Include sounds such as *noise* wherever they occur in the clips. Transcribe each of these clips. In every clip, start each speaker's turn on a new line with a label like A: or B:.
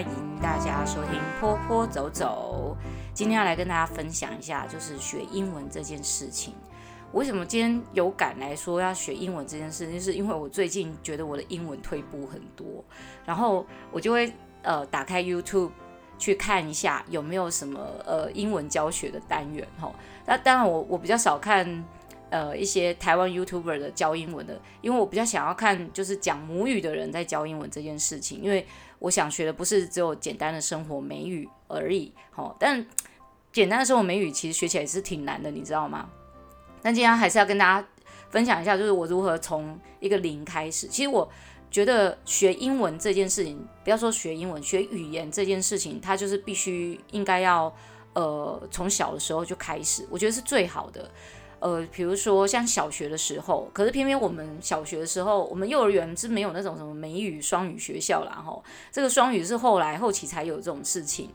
A: 歡迎大家收聽坡坡走走。今天要來跟大家分享一下，就是學英文這件事情。為什麼今天有感來說要學英文這件事情，就是因為我最近覺得我的英文退步很多，然後我就會呃打開 YouTube 去看一下有沒有什麼呃英文教學的單元哈、哦。那當然我我比較少看呃一些台灣 YouTuber 的教英文的，因為我比較想要看就是講母語的人在教英文這件事情，因為。我想學的不是只有簡單的生活美語而已，哦，但簡單的生活美語其實學起來也是挺難的，你知道嗎？那今天還是要跟大家分享一下，就是我如何從一個零開始。其實我覺得學英文這件事情，不要說學英文學語言這件事情，它就是必須應該要呃從小的時候就開始，我覺得是最好的。呃，比如說像小學的時候，可是偏偏我們小學的時候，我們幼兒園是沒有那種什麼美語雙語學校啦，吼，這個雙語是後來後期才有這種事情。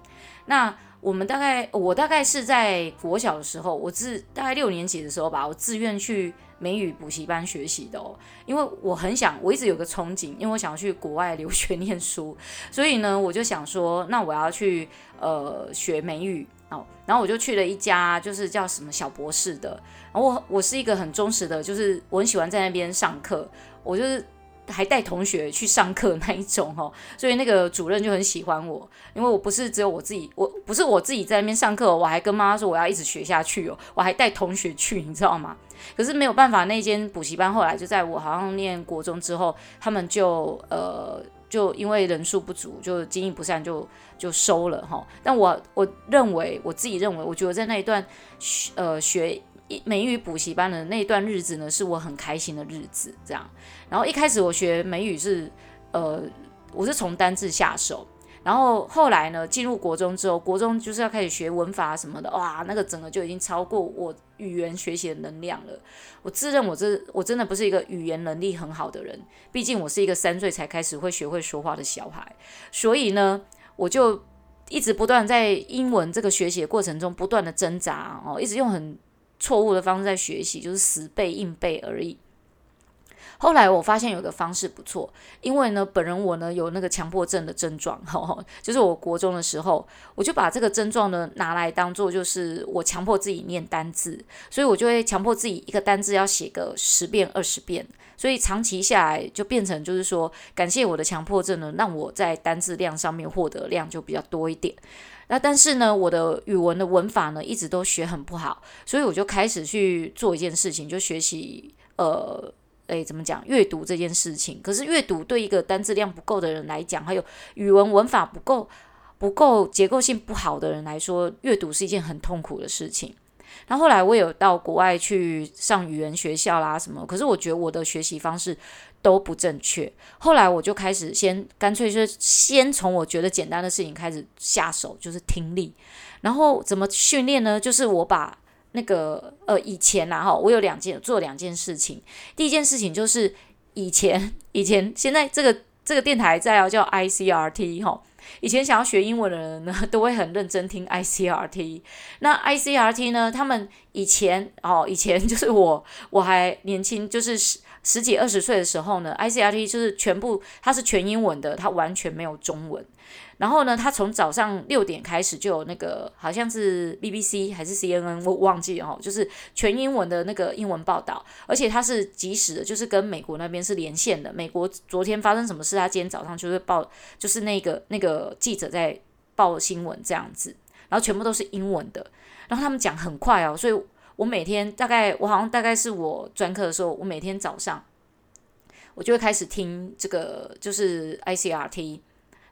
A: 那我們大概，我大概是在國小的時候，我自大概六年級的時候吧，我自願去美語補習班學習的哦，因為我很想，我一直有個憧憬，因為我想要去國外留學唸書，所以呢，我就想說，那我要去呃學美語哦，然後我就去了一家就是叫什麼小博士的。我我是一個很忠實的，就是我很喜歡在那邊上課，我就是還帶同學去上課那一種哦，所以那個主任就很喜歡我，因為我不是只有我自己，我不是我自己在那邊上課，我還跟媽媽說我要一直學下去哦，我還帶同學去，你知道嗎？可是沒有辦法，那間補習班後來就在我好像念國中之後，他們就呃就因為人數不足，就經營不善，就就收了哈。但我我認為我自己認為，我覺得在那一段學，呃，學一美語補習班的那段日子呢，是我很開心的日子。這樣，然後一開始我學美語是，呃，我是從單字下手，然後後來呢，進入國中之後，國中就是要開始學文法什麼的，哇，那個整個就已經超過我語言學習的能量了。我自認我這我真的不是一個語言能力很好的人，畢竟我是一個三歲才開始會學會說話的小孩，所以呢，我就一直不斷在英文這個學習的過程中不斷的掙扎哦，一直用很。錯誤的方式在學習，就是死背硬背而已。後來我發現有一個方式不錯，因為呢，本人我呢有那個強迫症的症狀，吼、哦，就是我國中的時候，我就把這個症狀呢拿來當做就是我強迫自己念單字，所以我就會強迫自己一個單字要寫個十遍、二十遍，所以長期下來就變成就是說，感謝我的強迫症呢，讓我在單字量上面獲得量就比較多一點。那但是呢，我的語文的文法呢一直都學很不好，所以我就開始去做一件事情，就學習呃，誒，怎麼講閱讀這件事情。可是閱讀對一個單字量不夠的人來講，還有語文文法不夠、不夠結構性不好的人來說，閱讀是一件很痛苦的事情。然後後來我有到國外去上語言學校啦什麼，可是我覺得我的學習方式，都不正確。後來我就開始先乾脆就是先從我覺得簡單的事情開始下手，就是聽力。然後怎麼訓練呢？就是我把那個呃以前啊哈，我有兩件做兩件事情。第一件事情就是以前以前現在這個這個電台在啊，叫 I C R T 哈、哦。以前想要學英文的人呢，都會很認真聽 I C R T。那 I C R T 呢，他們以前哦以前就是我我還年輕，就是。十幾二十歲的時候呢，ICRT 就是全部，它是全英文的，它完全沒有中文。然後呢，它從早上六點開始就有那個，好像是 BBC 還是 CNN，我忘記了哦，就是全英文的那個英文報道，而且它是即時的，就是跟美國那邊是連線的。美國昨天發生什麼事，它今天早上就會報，就是那個那個記者在報新聞這樣子，然後全部都是英文的，然後他們講很快哦，所以。我每天大概，我好像大概是我專科的時候，我每天早上我就會開始聽這個，就是 ICRT。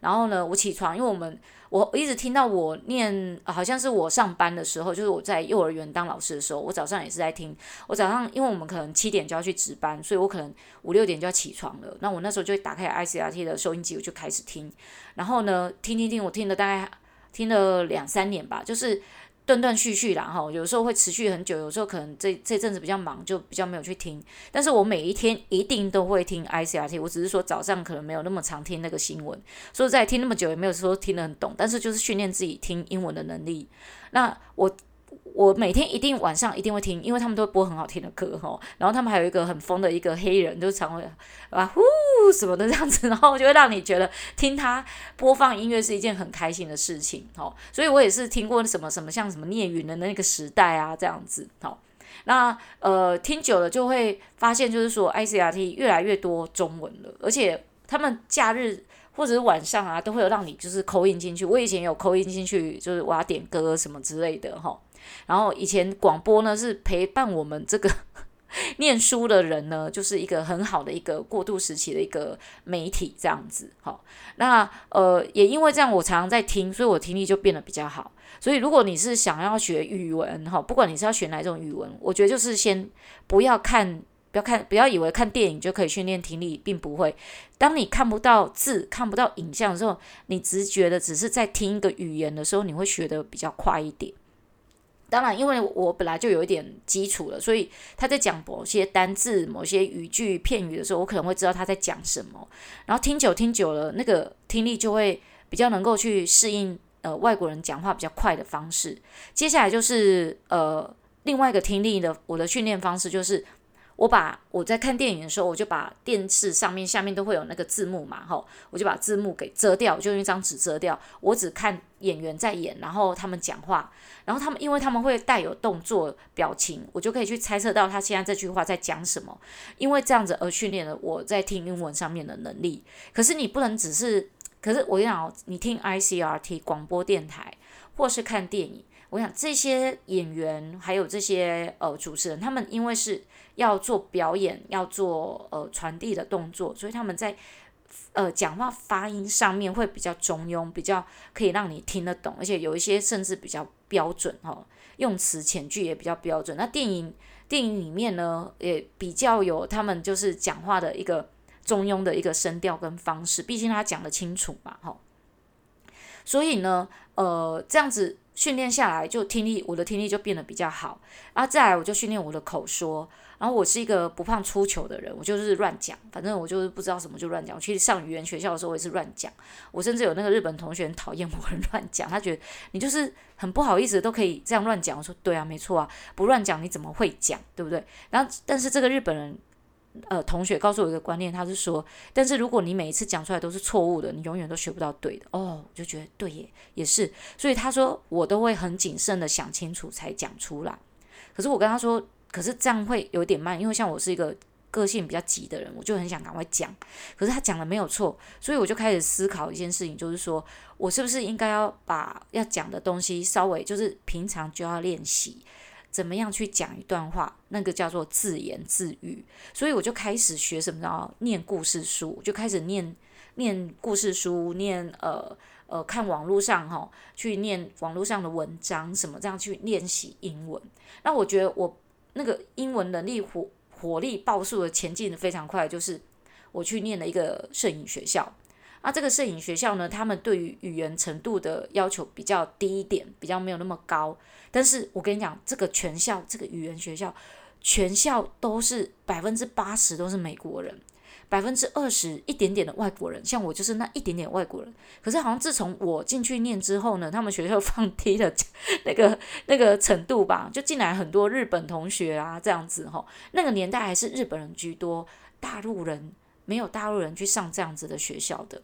A: 然後呢，我起床，因為我們我一直聽到我念，好像是我上班的時候，就是我在幼兒園當老師的時候，我早上也是在聽。我早上，因為我們可能七點就要去值班，所以我可能五六點就要起床了。那我那時候就會打開 ICRT 的收音機，我就開始聽。然後呢，聽聽聽，我聽了大概聽了兩三年吧，就是。斷斷續續啦，然後有時候會持續很久，有時候可能這這陣子比較忙，就比較沒有去聽。但是我每一天一定都會聽 ICRT，我只是說早上可能沒有那麼常聽那個新聞，所以在聽那麼久也沒有說聽得很懂，但是就是訓練自己聽英文的能力。那我。我每天一定晚上一定會聽，因為他們都會播很好聽的歌吼，然後他們還有一個很瘋的一個黑人，就是常會啊呼什麼的這樣子。然後就會讓你覺得聽他播放音樂是一件很開心的事情吼。所以我也是聽過什麼什麼像什麼聶雲人的那個時代啊這樣子吼。那呃聽久了就會發現，就是說 ICRT 越來越多中文了，而且他們假日或者是晚上啊都會有讓你就是 call in 進去。我以前有 call in 進去，就是我要點歌什麼之類的吼。然後以前廣播呢是陪伴我們這個念書的人呢，就是一個很好的一個過渡時期的一個媒體這樣子。哈，那呃也因為這樣，我常常在聽，所以我聽力就變得比較好。所以如果你是想要學語文哈，不管你是要學哪一種語文，我覺得就是先不要看，不要看，不要以為看電影就可以訓練聽力，並不會。當你看不到字、看不到影像的時候，你直覺的只是在聽一個語言的時候，你會學得比較快一點。當然，因為我本來就有一點基礎了，所以他在講某些單字、某些語句、片語的時候，我可能會知道他在講什麼。然後聽久聽久了，那個聽力就會比較能夠去適應呃外國人講話比較快的方式。接下來就是呃另外一個聽力的我的訓練方式就是。我把我在看電影的時候，我就把電視上面、下面都會有那個字幕嘛，吼，我就把字幕給遮掉，就用一張紙遮掉，我只看演員在演，然後他們講話，然後他們，因為他們會帶有動作表情，我就可以去猜測到他現在這句話在講什麼。因為這樣子而訓練了我在聽英文上面的能力。可是你不能只是，可是我想，你聽 I C R T 廣播電台，或是看電影，我想這些演員還有這些呃主持人，他們因為是。要做表演，要做呃傳遞的動作，所以他們在呃講話發音上面會比較中庸，比較可以讓你聽得懂，而且有一些甚至比較標準哈、哦，用詞遣句也比較標準。那電影電影裡面呢，也比較有他們就是講話的一個中庸的一個聲調跟方式，畢竟他講得清楚嘛哈、哦。所以呢，呃這樣子訓練下來，就聽力我的聽力就變得比較好啊，再來我就訓練我的口說。然後我是一個不怕出糗的人，我就是亂講，反正我就是不知道什麼就亂講。其實上語言學校的時候我也是亂講，我甚至有那個日本同學很討厭我的亂講，他覺得你就是很不好意思都可以這樣亂講。我說對啊，沒錯啊，不亂講你怎麼會講，對不對？然後但是這個日本人呃同學告訴我一個觀念，他是說，但是如果你每一次講出來都是錯誤的，你永遠都學不到對的。哦，我就覺得對耶，也是。所以他說我都會很謹慎的想清楚才講出來。可是我跟他說。可是這樣會有點慢，因為像我是一個個性比較急的人，我就很想趕快講。可是他講的沒有錯，所以我就開始思考一件事情，就是說我是不是應該要把要講的東西稍微就是平常就要練習，怎麼樣去講一段話，那個叫做自言自語。所以我就開始學什麼啊，念故事書，就開始念念故事書，念呃呃看網絡上哈，去念網絡上的文章什麼這樣去練習英文。那我覺得我。那個英文能力火火力爆速的前進的非常快，就是我去念了一個攝影學校，啊，這個攝影學校呢，他們對於語言程度的要求比較低一點，比較沒有那麼高，但是我跟你講，這個全校這個語言學校，全校都是百分之八十都是美國人，百分之二十一點點的外國人，像我就是那一點點的外國人。可是好像自從我進去念之後呢，他們學校放低了那個那個程度吧，就進來很多日本同學啊這樣子吼，那個年代還是日本人居多，大陸人沒有大陸人去上這樣子的學校的。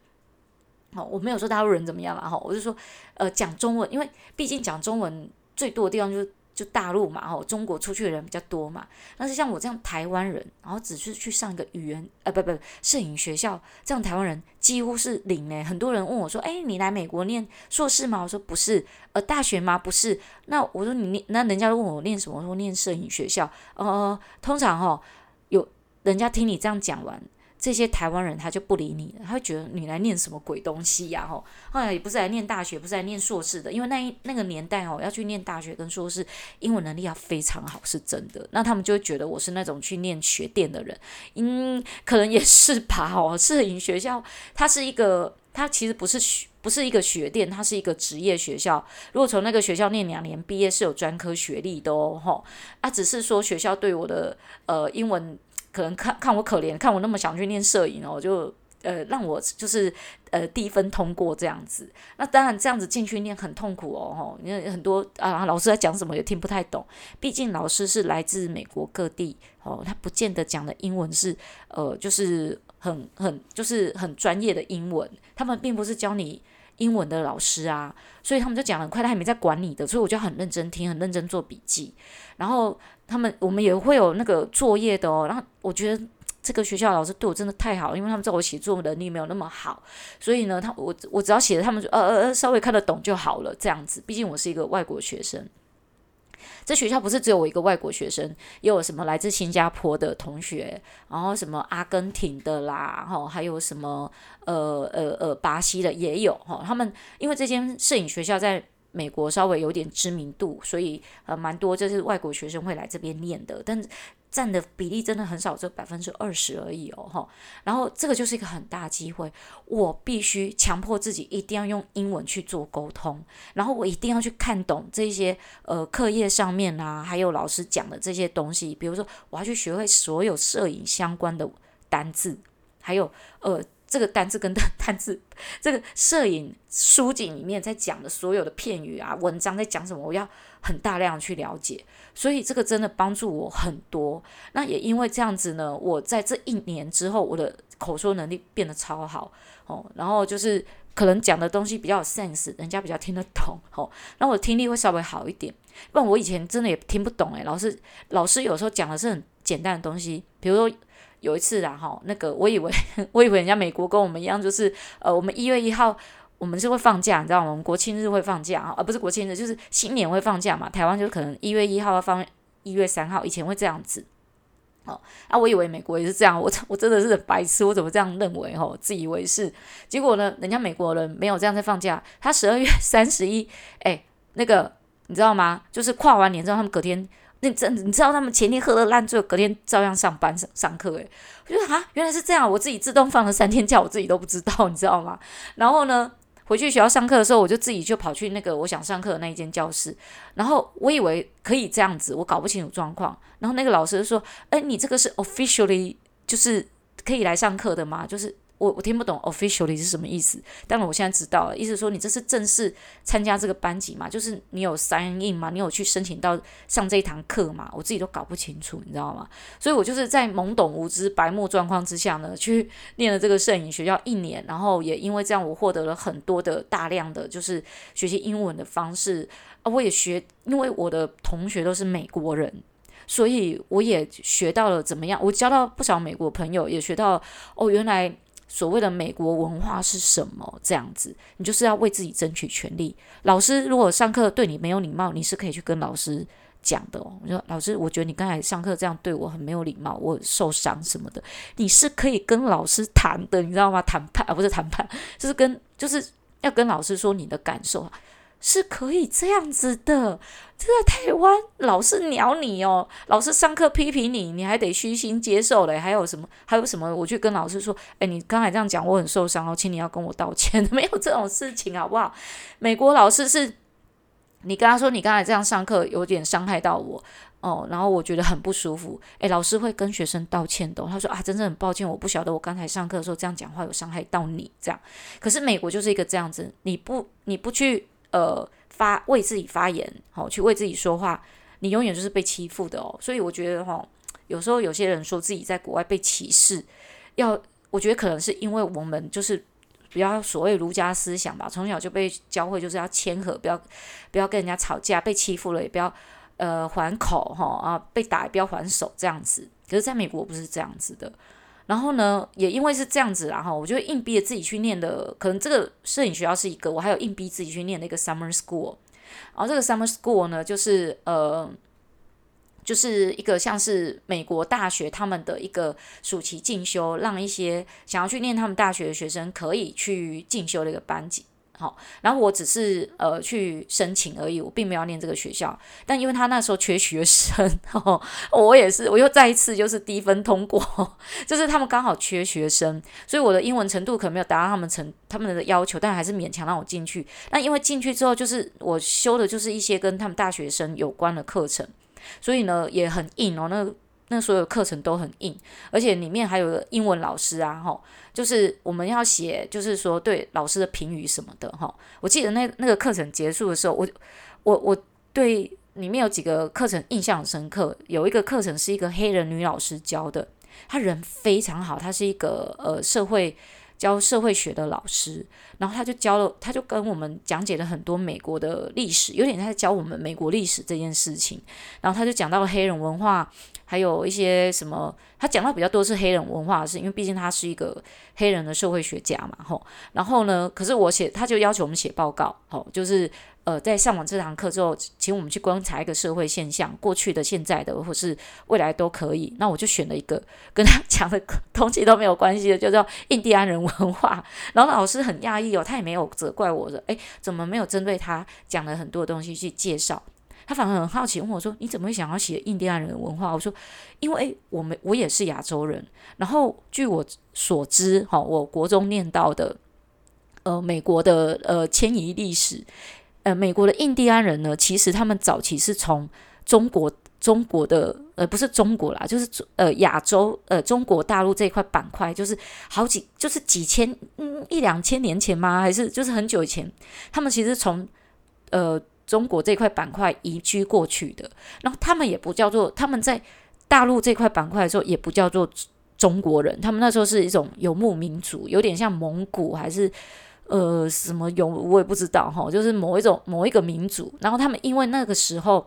A: 好，我沒有說大陸人怎麼樣了哈，我就說呃講中文，因為畢竟講中文最多的地方就是。就大陸嘛，吼，中國出去的人比較多嘛。但是像我這樣台灣人，然後只是去上一個語言，呃，不不，攝影學校，這樣台灣人幾乎是零哎。很多人問我說，哎，你來美國念碩士嗎？我說不是，呃，大學嗎？不是。那我說你念，那人家問我念什麼？我說念攝影學校。呃，通常吼、哦，有人家聽你這樣講完，這些台灣人他就不理你了，他會覺得你來念什麼鬼東西呀、啊？吼、哎，後來也不是來念大學，不是來念碩士的，因為那一那個年代哦，要去念大學跟碩士，英文能力要非常好，是真的。那他們就會覺得我是那種去念學店的人，嗯，可能也是吧。哦，攝影學校他是一個，他其實不是學，不是一個學店，他是一個職業學校。如果從那個學校念兩年畢業，是有專科學歷的哦，哈、哦。啊，只是說學校對我的呃英文，可能看看我可憐，看我那麼想去念攝影哦，就呃讓我就是呃低分通過這樣子。那當然這樣子進去念很痛苦哦，吼、哦，因為很多啊老師在講什麼也聽不太懂。畢竟老師是來自美國各地哦，他不見得講的英文是呃就是很很就是很專業的英文。他們並不是教你英文的老師啊，所以他們就講得很快，他也沒在管你的，所以我就很認真聽，很認真做筆記，然後。他們我們也會有那個作業的哦，然後我覺得這個學校老師對我真的太好了，因為他們知道我寫作能力沒有那麼好，所以呢，他我我只要寫的，他們說呃呃呃稍微看得懂就好了，這樣子。畢竟我是一個外國學生，這學校不是只有我一個外國學生，也有什麼來自新加坡的同學，然後什麼阿根廷的啦，哈，還有什麼呃呃呃巴西的也有哈，他們因為這間攝影學校在。美國稍微有點知名度，所以呃，蠻多就是外國學生會來這邊念的，但占的比例真的很少，只有百分之二十而已哦，吼，然後這個就是一個很大機會，我必須強迫自己一定要用英文去做溝通，然後我一定要去看懂這些呃課業上面啊，還有老師講的這些東西，比如說我要去學會所有攝影相關的單字，還有呃。這個單字跟單字，這個攝影書籍裡面在講的所有的片語啊，文章在講什麼，我要很大量去了解。所以這個真的幫助我很多。那也因為這樣子呢，我在這一年之後，我的口說能力變得超好哦。然後就是可能講的東西比較有 sense，人家比較聽得懂哦。然後我的聽力會稍微好一點，不然我以前真的也聽不懂哎。老師老師有時候講的是很簡單的東西，比如說。有一次啊，哈，那個我以為，我以為人家美國跟我們一樣，就是呃，我們一月一號我們是會放假，你知道嗎？我們國慶日會放假啊，而不是國慶日，就是新年會放假嘛。台灣就可能一月一號要放，一月三號以前會這樣子。哦，啊，我以為美國也是這樣，我我真的是白痴，我怎麼這樣認為哦，自以為是。結果呢，人家美國人沒有這樣在放假，他十二月三十一，誒，那個你知道嗎？就是跨完年之後，他們隔天。那真你知道他們前天喝了爛醉，隔天照樣上班上課哎、欸，我覺得啊，原來是這樣。我自己自動放了三天假，我自己都不知道，你知道嗎？然後呢，回去學校上課的時候，我就自己就跑去那個我想上課的那一間教室，然後我以為可以這樣子，我搞不清楚狀況，然後那個老師就說，哎、欸，你這個是 officially 就是可以來上課的嗎？就是。我我聽不懂 officially 是什麼意思，但我現在知道了。意思是說你這是正式參加這個班級嘛，就是你有 sign in 嘛，你有去申請到上這一堂課嘛？我自己都搞不清楚，你知道嗎？所以我就是在懵懂無知、白目狀況之下呢，去念了這個攝影學校一年，然後也因為這樣，我獲得了很多的大量的就是學習英文的方式啊，我也學，因為我的同學都是美國人，所以我也學到了怎麼樣，我交到不少美國朋友，也學到哦，原來。所謂的美國文化是什麼？這樣子，你就是要為自己爭取權利。老師如果上課對你沒有禮貌，你是可以去跟老師講的哦。你說，老師，我覺得你剛才上課這樣對我很沒有禮貌，我受傷什麼的，你是可以跟老師談的，你知道嗎？談判啊，不是談判，就是跟，就是要跟老師說你的感受。是可以這樣子的，這個台灣老師鳥你哦、喔，老師上課批評你，你還得虛心接受嘞、欸。還有什麼？還有什麼？我去跟老師說，哎、欸，你剛才這樣講，我很受傷哦，請你要跟我道歉。 *laughs* 沒有這種事情，好不好？美國老師是，你跟他說，你剛才這樣上課有點傷害到我哦、嗯，然後我覺得很不舒服。哎、欸，老師會跟學生道歉的。他說啊，真的很抱歉，我不曉得我剛才上課的時候這樣講話有傷害到你，這樣。可是美國就是一個這樣子，你不，你不去。呃，發為自己發言，好去為自己說話，你永遠就是被欺負的哦。所以我覺得哈、哦，有時候有些人說自己在國外被歧視，要我覺得可能是因為我們就是比較所謂儒家思想吧，從小就被教會就是要謙和，不要不要跟人家吵架，被欺負了也不要呃還口哈啊，哦、被打也不要還手這樣子。可是，在美國不是這樣子的。然後呢，也因為是這樣子啦，然後我就硬逼着自己去念的。可能這個攝影學校是一個，我還有硬逼自己去念那個 summer school。然後這個 summer school 呢，就是呃，就是一個像是美國大學他們的一個暑期進修，讓一些想要去念他們大學的學生可以去進修的一個班級。好，然後我只是呃去申請而已，我並沒有念這個學校。但因為他那時候缺學生，哦，我也是，我又再一次就是低分通過，就是他們剛好缺學生，所以我的英文程度可能沒有達到他們成他們的要求，但還是勉強讓我進去。但因為進去之後，就是我修的就是一些跟他們大學生有關的課程，所以呢也很硬哦。那那所有課程都很硬，而且裡面還有英文老師啊，吼，就是我們要寫，就是說對老師的評語什麼的，吼，我記得那那個課程結束的時候，我我我對裡面有幾個課程印象深刻，有一個課程是一個黑人女老師教的，她人非常好，她是一個呃社會。教社會學的老師，然後他就教了，他就跟我們講解了很多美國的歷史，有點在教我們美國歷史這件事情。然後他就講到了黑人文化，還有一些什麼，他講到比較多是黑人文化的事，因為畢竟他是一個黑人的社會學家嘛，吼、哦。然後呢，可是我寫，他就要求我們寫報告，好、哦，就是。呃，在上完這堂課之後，請我們去觀察一個社會現象，過去的、現在的，或是未來都可以。那我就選了一個跟他講的東西都沒有關係的，就叫印第安人文化。然後老師很訝異哦，他也沒有責怪我，說：“誒，怎麼沒有針對他講了很多的東西去介紹？”他反而很好奇問我，我說：“你怎麼會想要寫印第安人文化？”我說：“因為我們我也是亞洲人。然後據我所知，哈、哦，我國中念到的，呃，美國的呃遷移歷史。”呃，美國的印第安人呢，其實他們早期是從中國、中國的呃，不是中國啦，就是呃亞洲呃中國大陸這塊板塊，就是好幾就是幾千、嗯、一兩千年前嘛？還是就是很久以前，他們其實從呃中國這塊板塊移居過去的。然後他們也不叫做他們在大陸這塊板塊的時候也不叫做中國人，他們那時候是一種游牧民族，有點像蒙古還是？呃，什麼有我也不知道哈，哦，就是某一種某一個民族，然後他們因為那個時候，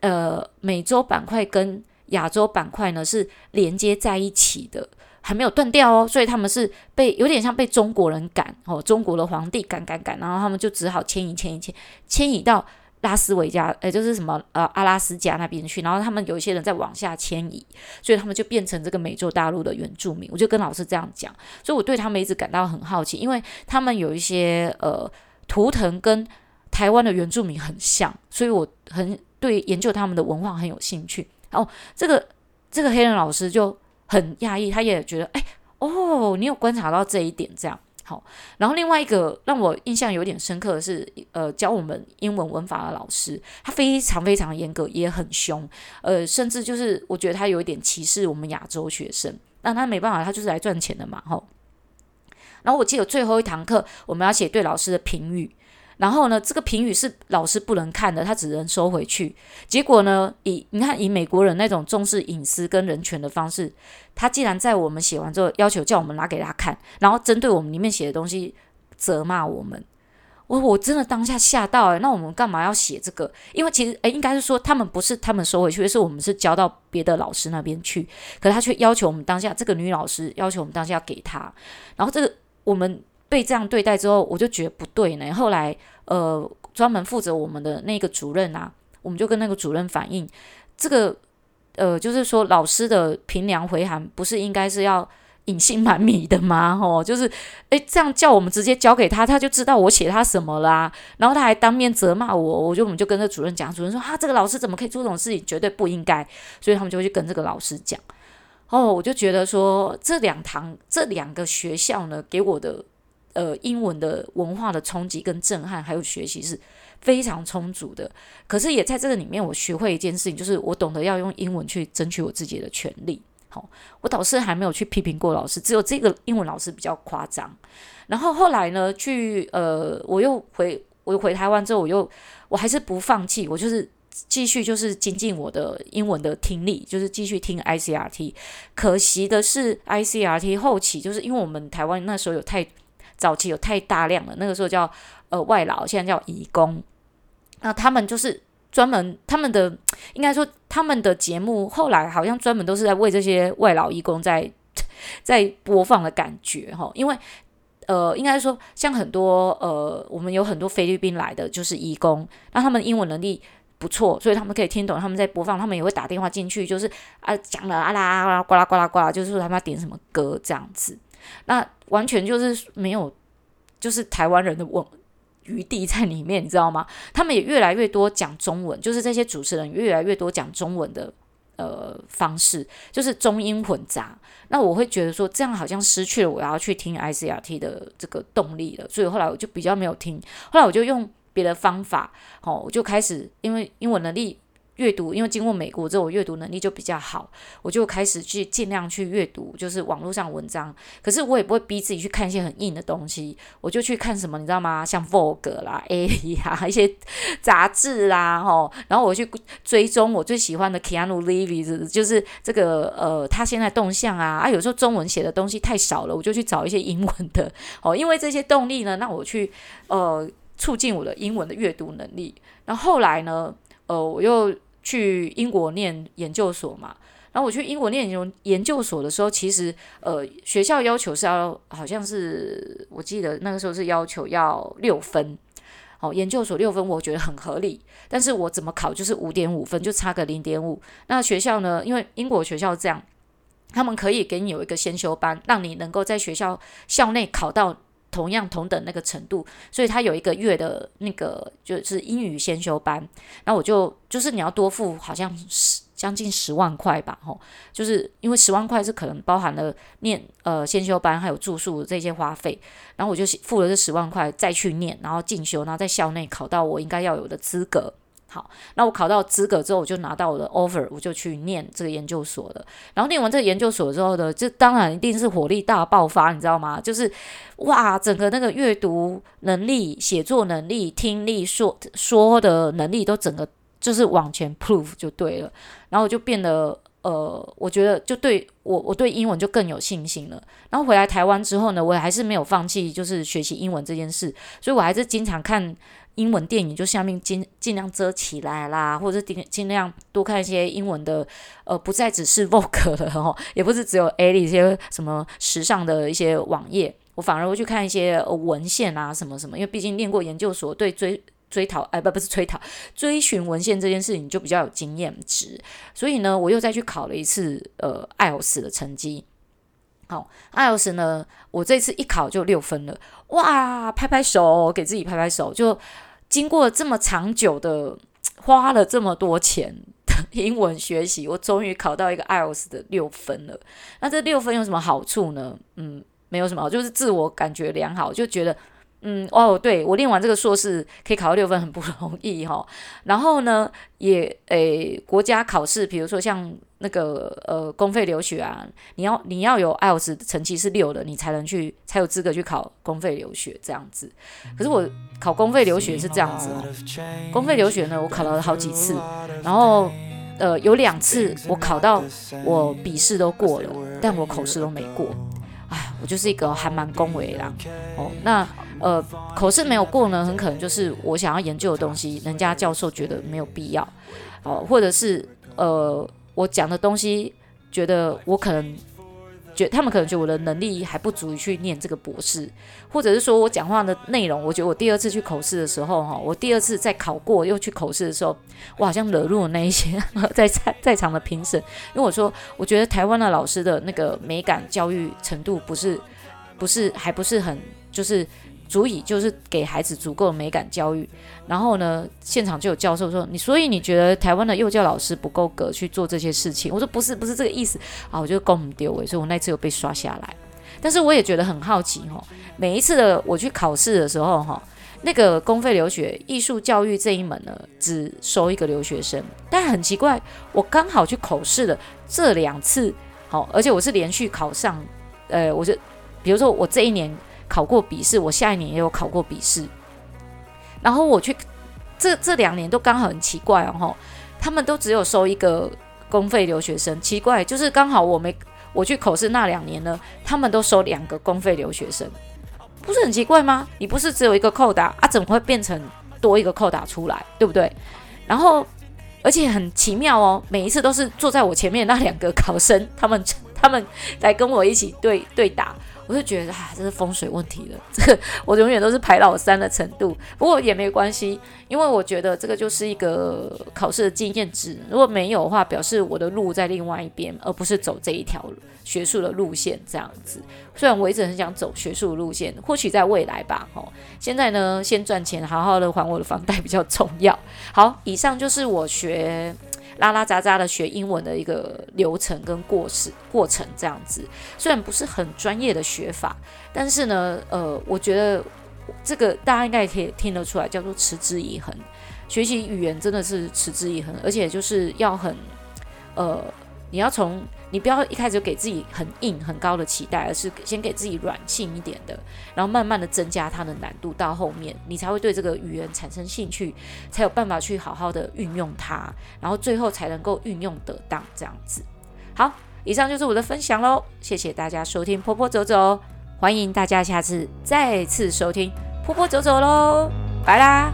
A: 呃，美洲板塊跟亞洲板塊呢是連接在一起的，還沒有斷掉哦，所以他們是被有點像被中國人趕哦，中國的皇帝趕趕趕，然後他們就只好遷移遷移遷，遷移到。拉斯維加，哎，就是什麼呃，阿拉斯加那邊去，然後他們有一些人在往下遷移，所以他們就變成這個美洲大陸的原住民。我就跟老師這樣講，所以我對他們一直感到很好奇，因為他們有一些呃圖騰跟台灣的原住民很像，所以我很對研究他們的文化很有興趣。哦，這個這個黑人老師就很訝異，他也覺得哎，哦，你有觀察到這一點，這樣。好，然後另外一個讓我印象有點深刻的是，呃，教我們英文文法的老師，他非常非常嚴格，也很凶，呃，甚至就是我覺得他有一點歧視我們亞洲學生，但他沒辦法，他就是來賺錢的嘛，吼，然後我記得最後一堂課，我們要寫對老師的評語。然後呢，這個評語是老師不能看的，他只能收回去。結果呢，以你看，以美國人那種重視隱私跟人權的方式，他既然在我們寫完之後要求叫我們拿給他看，然後針對我們裡面寫的東西責罵我們，我我真的當下嚇到欸。那我們幹嘛要寫這個？因為其實誒，應該是說他們不是他們收回去，而是我們是交到別的老師那邊去。可他卻要求我們當下這個女老師要求我們當下要給他，然後這個我們。被這樣對待之後，我就覺得不對呢。後來，呃，專門負責我們的那個主任啊，我們就跟那個主任反映，這個，呃，就是說老師的評量回函不是應該是要隱姓埋名的嗎？哦，就是，哎，這樣叫我們直接交給他，他就知道我寫他什麼啦、啊。然後他還當面責罵我，我就我們就跟那主任講，主任說，哈、啊，這個老師怎麼可以做這種事情，絕對不應該。所以他們就會去跟這個老師講。哦，我就覺得說，這兩堂，這兩個學校呢，給我的。呃，英文的文化的衝擊跟震撼，還有學習是非常充足的。可是也在這個裡面，我學會一件事情，就是我懂得要用英文去爭取我自己的權利。好、哦，我倒是還沒有去批評過老師，只有這個英文老師比較誇張。然後後來呢，去呃，我又回，我又回台灣之後，我又我還是不放棄，我就是繼續就是精進我的英文的聽力，就是繼續聽 ICRT。可惜的是，ICRT 後期就是因為我們台灣那時候有太。早期有太大量了，那個時候叫呃外勞，現在叫移工。那他們就是專門他們的，應該說他們的節目後來好像專門都是在為這些外勞移工在在播放的感覺哈，因為呃應該說像很多呃我們有很多菲律賓來的就是移工，那他們英文能力不錯，所以他們可以聽懂他們在播放，他們也會打電話進去，就是啊講了啊啦啊啦呱啦呱啦呱，就是說他們要點什麼歌這樣子。那完全就是沒有，就是台灣人的我餘地在裡面，你知道嗎？他們也越來越多講中文，就是這些主持人越來越多講中文的呃方式，就是中英混雜。那我會覺得說這樣好像失去了我要去聽 I C R T 的這個動力了，所以後來我就比較沒有聽，後來我就用別的方法，好、哦，我就開始因為英文能力。閱讀，因為經過美國之後，我閱讀能力就比較好，我就開始去儘量去閱讀，就是網絡上文章。可是我也不會逼自己去看一些很硬的東西，我就去看什麼，你知道嗎？像 Vogue 啦、A P、啊、一些雜誌啦，哦，然後我去追蹤我最喜歡的 Keanu Reeves 就是這個呃，他現在動向啊。啊，有時候中文寫的東西太少了，我就去找一些英文的哦，因為這些動力呢，讓我去呃促進我的英文的閱讀能力。然後後來呢，呃，我又。去英國念研究所嘛，然後我去英國念研究所的時候，其實呃學校要求是要好像是我記得那個時候是要求要六分，哦研究所六分我覺得很合理，但是我怎麼考就是五點五分，就差個零點五。那學校呢，因為英國學校這樣，他們可以給你有一個先修班，讓你能夠在學校校內考到同樣同等那個程度，所以他有一個月的那個就是英語先修班，然後我就就是你要多付好像是將近十萬塊吧，吼、哦，就是因為十萬塊是可能包含了念呃先修班還有住宿這些花費，然後我就付了這十萬塊再去念，然後進修，然後在校內考到我應該要有的資格。好，那我考到資格之後，我就拿到我的 offer，我就去念這個研究所的。然後念完這個研究所之後的，就當然一定是火力大爆發，你知道嗎？就是哇，整個那個閱讀能力、寫作能力、聽力、說說的能力都整個就是往前 proof 就對了。然後我就變得。呃，我覺得就對我，我對英文就更有信心了。然後回來台灣之後呢，我還是沒有放棄，就是學習英文這件事。所以我還是經常看英文電影，就下面儘儘量遮起來啦，或者儘，儘量多看一些英文的。呃，不再只是 Vogue 了哈，哦，也不是只有 Ali 這些什麼時尚的一些網頁，我反而會去看一些文獻啊，什麼什麼，因為畢竟念過研究所，對，追追討，哎，不不是追討，追尋文獻這件事情就比較有經驗值，所以呢，我又再去考了一次呃，IELTS 的成績。好，IELTS 呢，我這一次一考就六分了，哇，拍拍手，給自己拍拍手，就經過了這麼長久的、花了這麼多錢的英文學習，我終於考到一個 IELTS 的六分了。那這六分有什麼好處呢？嗯，沒有什麼好，就是自我感覺良好，就覺得。嗯，哦，對，我念完這個碩士，可以考到六分很不容易哦。然後呢，也誒，國家考試，比如說像那個呃公費留學啊，你要你要有 IELTS 成績是六的，你才能去才有資格去考公費留學這樣子。可是我考公費留學是這樣子哦，公費留學呢，我考了好幾次，然後呃有兩次我考到我筆試都過了，但我口試都沒過。哎，我就是一個還蠻恭維啦哦，那。呃，口試沒有過呢，很可能就是我想要研究的東西，人家教授覺得沒有必要，哦，或者是呃，我講的東西，覺得我可能覺，覺他們可能覺得我的能力還不足以去念這個博士，或者是說我講話的內容，我覺得我第二次去口試的時候，哈、哦，我第二次再考過又去口試的時候，我好像惹怒了那一些 *laughs* 在在，在場的評審，因為我說，我覺得台灣的老師的那個美感教育程度不是不是還不是很就是。足以就是給孩子足夠的美感教育，然後呢，現場就有教授說你，所以你覺得台灣的幼教老師不夠格去做這些事情？我說不是，不是這個意思啊，我就工很丟哎，所以我那次又被刷下來。但是我也覺得很好奇哈，每一次的我去考試的時候哈，那個公費留學藝術教育這一門呢，只收一個留學生，但很奇怪，我剛好去考試了，這兩次好，而且我是連續考上，呃，我就比如說我這一年。考過筆試，我下一年也有考過筆試。然後我去這這兩年都剛好很奇怪哦，他們都只有收一個公費留學生，奇怪就是剛好我沒我去考試那兩年呢，他們都收兩個公費留學生，不是很奇怪嗎？你不是只有一個扣打啊？怎麼會變成多一個扣打出來，對不對？然後而且很奇妙哦，每一次都是坐在我前面那兩個考生，他們他們來跟我一起對對打。我就覺得啊，這是風水問題了。這個我永遠都是排老三的程度，不過也沒關係，因為我覺得這個就是一個考試的經驗值。如果沒有的話，表示我的路在另外一邊，而不是走這一條學術的路線這樣子。雖然我一直很想走學術的路線，或許在未來吧。哦，現在呢，先賺錢，好好的還我的房貸比較重要。好，以上就是我學。拉拉雜雜的學英文的一個流程跟過時過程這樣子，雖然不是很專業的學法，但是呢，呃，我覺得這個大家應該也可以聽得出來，叫做持之以恆。學習語言真的是持之以恆，而且就是要很，呃。你要從你不要一開始就給自己很硬很高的期待，而是先給自己軟性一點的，然後慢慢的增加它的難度，到後面你才會對這個語言產生興趣，才有辦法去好好的運用它，然後最後才能夠運用得當這樣子。好，以上就是我的分享嘍，謝謝大家收聽波波走走，歡迎大家下次再次收聽波波走走嘍，拜啦。